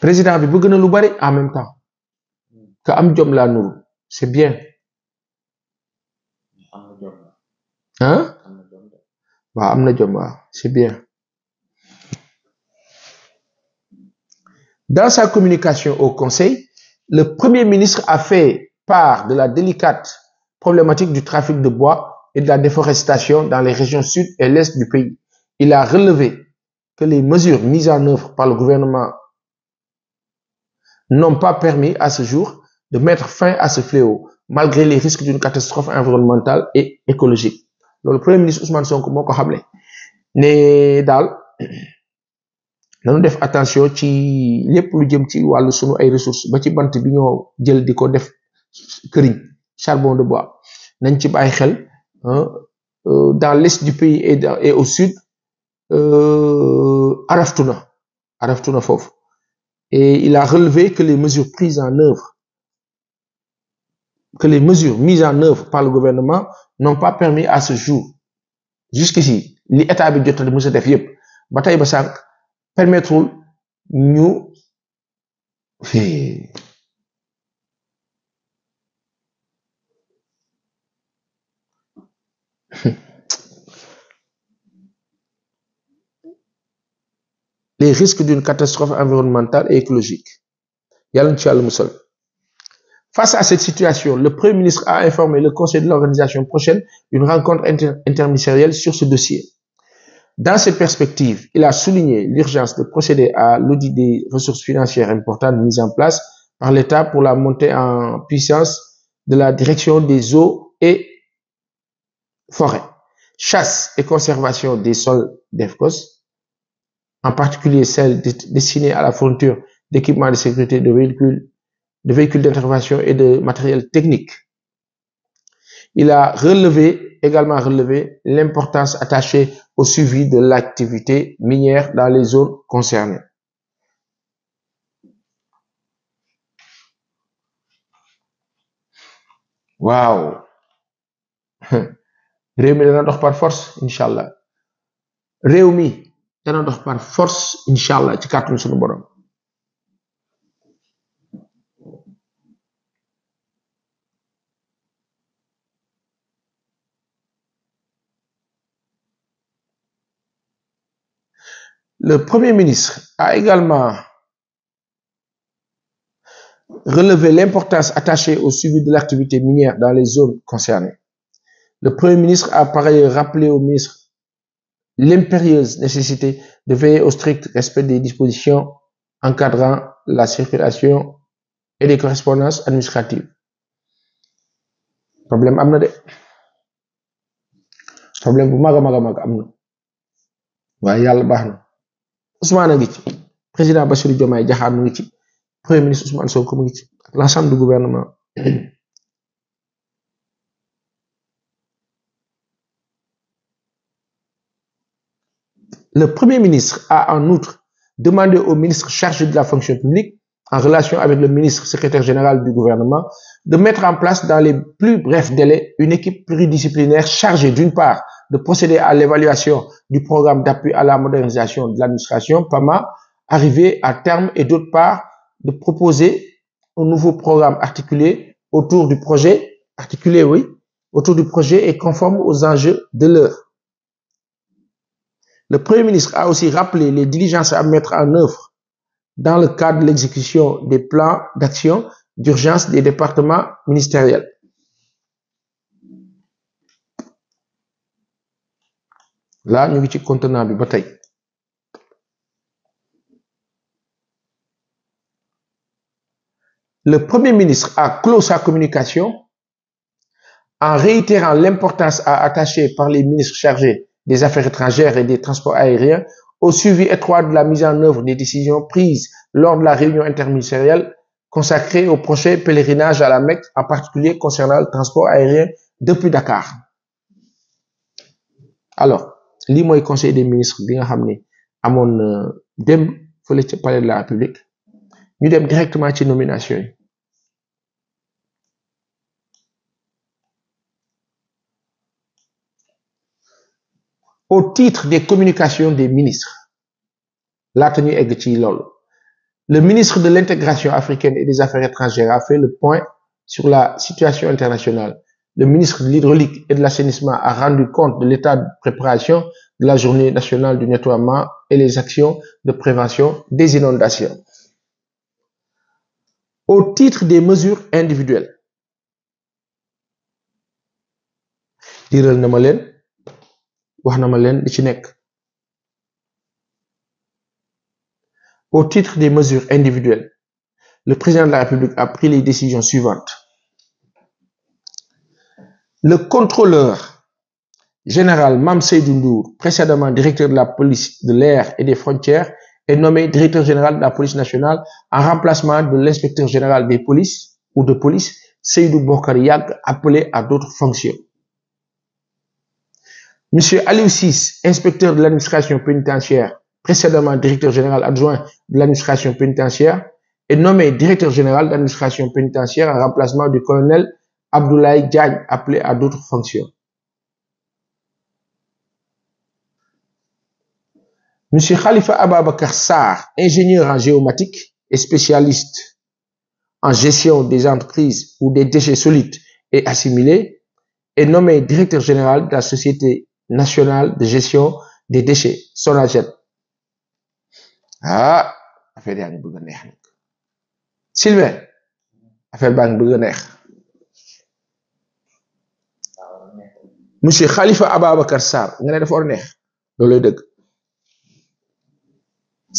président bi bëgg lu en même temps c'est bien c'est bien dans sa communication au conseil le premier ministre a fait part de la délicate problématique du trafic de bois et de la déforestation dans les régions sud et l'est du pays il a relevé que les mesures mises en œuvre par le gouvernement n'ont pas permis à ce jour de mettre fin à ce fléau, malgré les risques d'une catastrophe environnementale et écologique. Le premier ministre Ousmane Sonko moo ko né nous daal def attention ci lépp lu jëm ci wàllu sunu ay ressources ba ci bant bi ñoo jël charbon de bois nañ ci xel hein, euh, dans l'est du pays et au sud euh, na araftu na et il a relevé que les mesures prises en œuvre, que les mesures mises en œuvre par le gouvernement n'ont pas permis à ce jour, jusqu'ici, les états jot de def de les risques d'une catastrophe environnementale et écologique. Face à cette situation, le Premier ministre a informé le Conseil de l'organisation prochaine d'une rencontre interministérielle sur ce dossier. Dans cette perspective, il a souligné l'urgence de procéder à l'audit des ressources financières importantes mises en place par l'État pour la montée en puissance de la direction des eaux et forêts, chasse et conservation des sols d'EFCOS, en particulier celles destinées à la fourniture d'équipements de sécurité, de véhicules, de véhicules d'intervention et de matériel technique. Il a relevé, également relevé l'importance attachée au suivi de l'activité minière dans les zones concernées. Wow, Réew par force Inch'Allah. Réumi par force Le Premier ministre a également relevé l'importance attachée au suivi de l'activité minière dans les zones concernées. Le Premier ministre a par ailleurs rappelé au ministre l'impérieuse nécessité de veiller au strict respect des dispositions encadrant la circulation et les correspondances administratives. Problème amna de. Problème bu maga maga maga amna. Wa yalla baxna. Ousmane président Bassirou Diomaye le premier ministre Ousmane Sonko l'ensemble du gouvernement Le Premier ministre a en outre demandé au ministre chargé de la fonction publique, en relation avec le ministre secrétaire général du gouvernement, de mettre en place dans les plus brefs délais une équipe pluridisciplinaire chargée d'une part de procéder à l'évaluation du programme d'appui à la modernisation de l'administration, PAMA, arrivé à terme, et d'autre part de proposer un nouveau programme articulé autour du projet, articulé oui, autour du projet et conforme aux enjeux de l'heure. Le Premier ministre a aussi rappelé les diligences à mettre en œuvre dans le cadre de l'exécution des plans d'action d'urgence des départements ministériels. Là, nous contenant de bataille. Le Premier ministre a clos sa communication en réitérant l'importance à attacher par les ministres chargés des Affaires étrangères et des Transports aériens au suivi étroit de la mise en œuvre des décisions prises lors de la réunion interministérielle consacrée au prochain pèlerinage à la Mecque, en particulier concernant le transport aérien depuis Dakar. Alors, moi et conseil des ministres bien ramené à mon dem euh, dem, palais de la République nous dem directement ci nomination au titre des communications des ministres La tenue est le ministre de l'intégration africaine et des affaires étrangères a fait le point sur la situation internationale le ministre de l'hydraulique et de l'assainissement a rendu compte de l'état de préparation de la journée nationale du nettoiement et les actions de prévention des inondations au titre des mesures individuelles diral Namolen, au titre des mesures individuelles le président de la République a pris les décisions suivantes le contrôleur général Mam Seydou précédemment directeur de la police de l'air et des frontières, est nommé directeur général de la police nationale en remplacement de l'inspecteur général des polices ou de police Seydou Bokariag, appelé à d'autres fonctions. Monsieur Aliou inspecteur de l'administration pénitentiaire, précédemment directeur général adjoint de l'administration pénitentiaire, est nommé directeur général de l'administration pénitentiaire en remplacement du colonel Abdoulaye Diagne, appelé à d'autres fonctions. Monsieur Khalifa Ababakar Karsar, ingénieur en géomatique et spécialiste en gestion des entreprises ou des déchets solides et assimilés, est nommé directeur général de la société National de gestion des déchets SONAGED ah affaire yaa ngi bëgg neex nag Sylvain affaire baa ngi bëgg neex monsieur Khalifa Ababakar Sarr nga ne dafa war a neex loolooy dëgg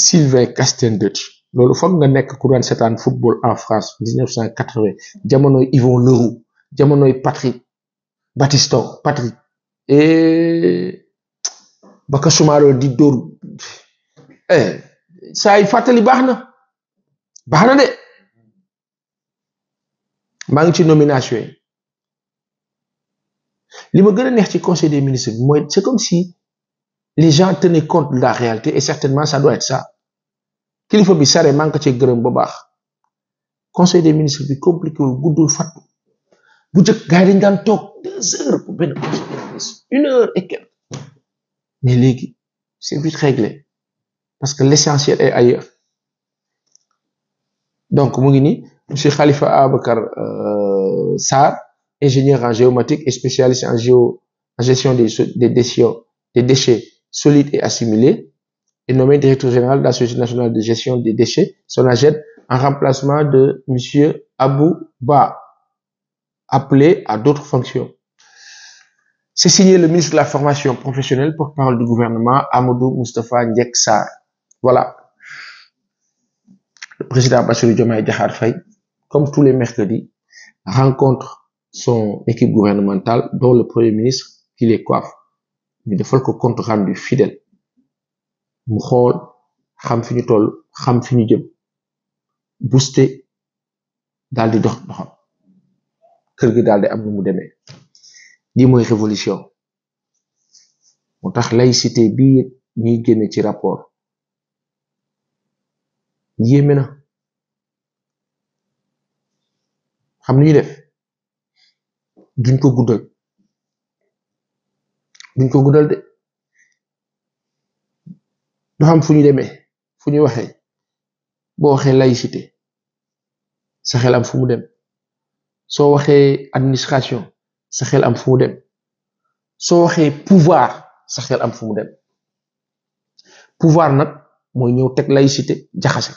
Sylvain Castanedotti lolou foog nga nekk ku setan football en France 1980 jamono Yvon Leroux jamono Patrick Battiston Patrick. Eh, ba Kasumaaro di dóor eh, saay fàttali baax na baax na de maa ngi ci nomination yi li ma gën a neex ci conseil des ministres bi mooy c'est comme si les gens tenaient compte de la réalité et certainement ça doit être ça kilifa bi sare maa ngi ko ci gërëm bu baax conseil des ministres bi compliqué wul fàttu bu njëkk gars yi dañ daan toog deux heures benn conseil une heure et quelques mais Ligue, c'est vite réglé parce que l'essentiel est ailleurs donc Mugini M. Khalifa Abkar euh, Sar, ingénieur en géomatique et spécialiste en gestion des des déchets des déchets solides et assimilés est nommé directeur général de la Société nationale de gestion des déchets son agent, en remplacement de M. Abou Ba appelé à d'autres fonctions c'est signé le ministre de la Formation professionnelle, pour parole du gouvernement, Amadou Moustapha Ndiaksar. Voilà. Le président Abbasou Diomaye Diakhar Faye, comme tous les mercredis, rencontre son équipe gouvernementale, dont le premier ministre, qui les coiffe. Mais de faut que compte rendre fidèle. Mu xool xam fi booster dal di dox di am lii mooy révolution mu tax laïcité bi yëpp ñuy génne ci rapport yéeme na xam ni ñu def duñ ko guddal duñ ko guddal de du xam fu ñu demee fu ñu waxee boo waxee laïcité sa xel fu mu dem soo waxee administration sa xel am fu mu dem soo waxee pouvoir sa xel am fu mu dem pouvoir nag mooy ñëw teg laïcité jaxase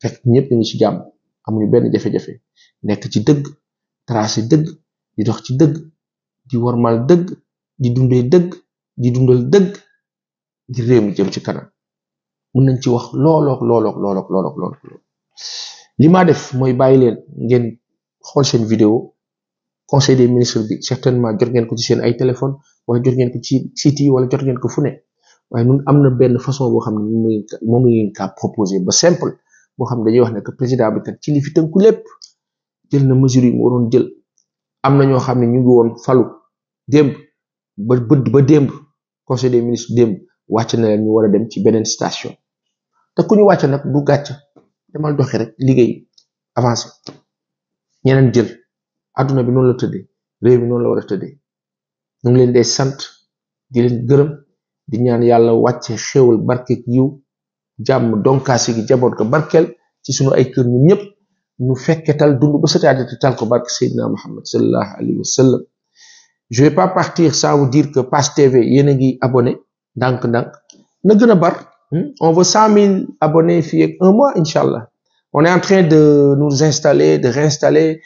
fekk ñëpp ñu ci jàmm amuñu benn jafe-jafe nekk ci dëgg tracé dëgg di dox ci dëgg di warmal dëgg di dundee dëgg di dundal dëgg di réew mi jëm ci kanam mën nañ ci wax loolook loolook loolook loolook loolook li def mooy bàyyi leen ngeen xool seen vidéo conseil des ministres bi certainement jot ngeen ko ci seen ay téléphone wala jot ngeen ko ci site yi wala jot ngeen ko fu ne waaye ñun am na benn façon boo xam ne moom la ngeen kaa proposé ba simple boo xam ne dañuy wax ne que président bi kat ci li fi tënku lépp jël na mesure yi mu waroon jël am na ñoo xam ne ñu ngi woon falu démb ba bëdd ba démb conseil des ministres démb wàcc na leen ñu war a dem ci beneen station te ku ñu wàcc nag du gàcc demal doxi rek liggéey avancé ñeneen jël aduna bi non la tëddee réew mi noonu la war a tëddee ñu ngi leen day sant di leen gërëm di ñaan yàlla wàcce xéewal barkeeg yiw jàmm donkaasi gi jaboot ko barkeel ci sunu ay kër ñun ñëpp ñu fekke tal dund ba sa taat tal ko barke Seydina Muhammad sallallahu alayhi wa sallam je vais pas partir sans vous dire que Pass TV yéen a ngi abonné ndànk-ndànk na gën a bar hmm? on veut cent mille abonnés fii ak un mois incha allah on est en train de nous installer de réinstaller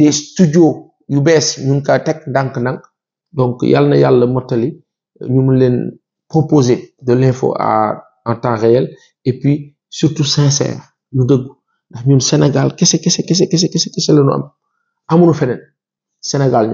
des studios UBS bees ñu donc yàlla na proposer de l'info en temps réel et puis surtout sincère lu dëggu ndax ñun Sénégal que c'est am Sénégal